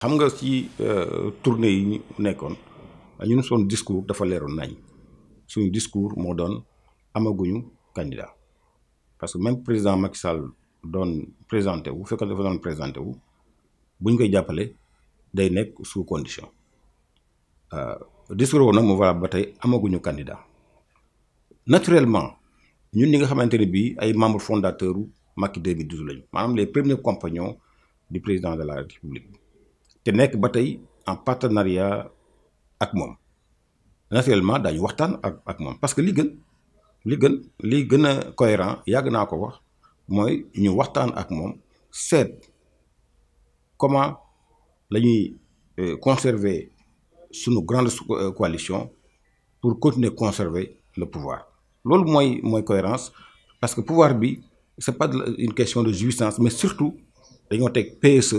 xam nga ci euh, tournée yi ñu nekkoon ñun son discours dafa leeroon nañ suñu discours moo doon amaguñu candidat parce que même président Macky Sall doon présenté wu fekkoon dafa doon présenté wu buñ koy jàppale day nekk sous condition euh, discours woon nag mu valable ba tey amaguñu candidat naturellement ñun ñi nga xamante ne bii ay membre fondateur Macky 2012 lañu maanaam les premiers compagnons du président de la république te nek batay en partenariat avec nous. naturellement dañ waxtaan ak ak mom parce que li gën li gën li cohérent c'est ko wax ñu comment nous euh, conserver sunu grande euh, coalition pour continuer conserver le pouvoir ce qui moy cohérence parce que pouvoir bi c'est pas une question de jouissance mais surtout dañu tek PSE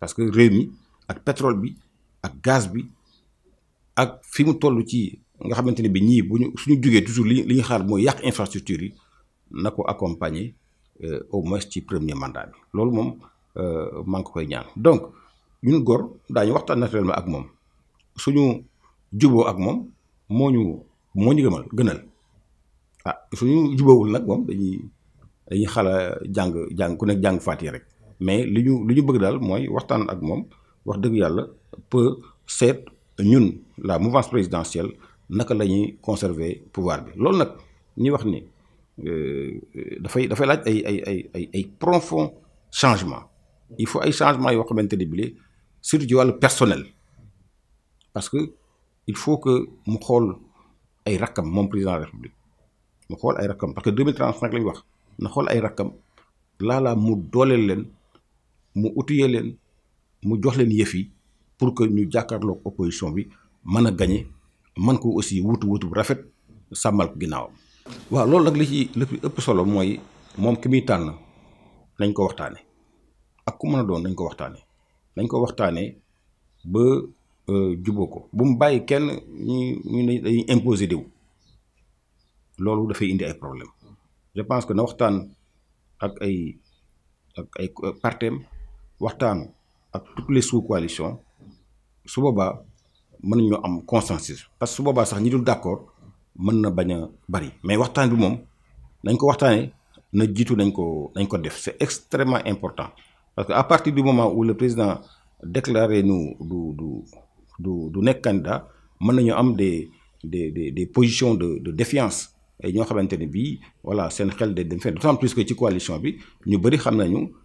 parce que réew ak pétrole bi ak gaz bi ak fi mu toll ci nga xamanteni bi ñi bu suñu jógee toujours li ñu xaar moy yak infrastructure yi nako ko accompagner euh, au moins ci premier mandat bi loolu euh, man ko koy ñaan donc ñun gor dañu waxtan naturellement ak mom suñu juboo ak mom moñu moñu gëmal gënal ah suñu juboowul nak mom dañuy dañuy xala jang jang ku nek jang fàttee rek mais li ñu li ñu bëgg daal mooy waxtaan ak moom wax dëgg yàlla peut seet ñun la mouvance présidentielle naka la ñuy conserver pouvoir bi loolu nag ñi wax ni euh, dafay dafay laaj ay ay ay ay ay profond changement il faut ay changement yoo xamante ni bii surtout ci wàllu personnel parce que il faut que mu xool ay rakkam moom président de la république mu xool ay rakkam parce que 2035 la ñu wax na xool ay rakkam laalaa mu dooleel leen. mu outillé len, mu jox len yefi pour que ñu jakarlo opposition bi mëna a gagné ko aussi wutu wutu rafet samal ko ginnaawam wa loolu nag li ci plus ëpp solo moy mom kimi tan tànn nañ ko waxtane ak ku mëna doon nañ ko waxtane nañ ko waxtane ba euh ko bu mu bàyyi kenn ñi ñi dañ imposer diw loolu fay indi ay problème je pense que na waxtane ak ay ak ay partem waxtaan ak toutes les sous coalitions su boobaa mën ñoo am consensus parce que su boobaa sax ñi dul d'accord mën na baña bari mais waxtaan bi moom nañ ko waxtaanee na jitu nañ ko nañ ko def c'est extrêmement important parce que à partir du moment où le président déclaré nous, du du du du nekk candidat mën nañu am des des des des positions de de défiance et ñoo xamante bi voilà seen xel de dem fenn d'autant plus que ci coalition bi ñu bari xam nañu.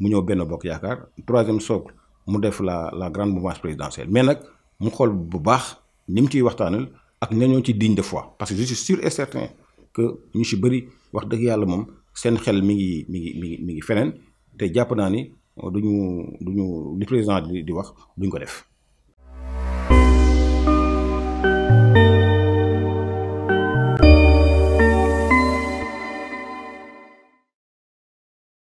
mu ñëw benn bokk yaakaar troisième socle mu def la la grande mouvance présidentielle mais nag mu xool bu baax ñi mu ciy waxtaanal ak ñañoo ci digne de foi parce que je suis sûr et certain que ñu si bëri wax dëgg yàlla moom seen xel mi ngi mi ngi mi ngi ngi feneen te jàpp naa ni duñu duñu li président di wax duñ ko def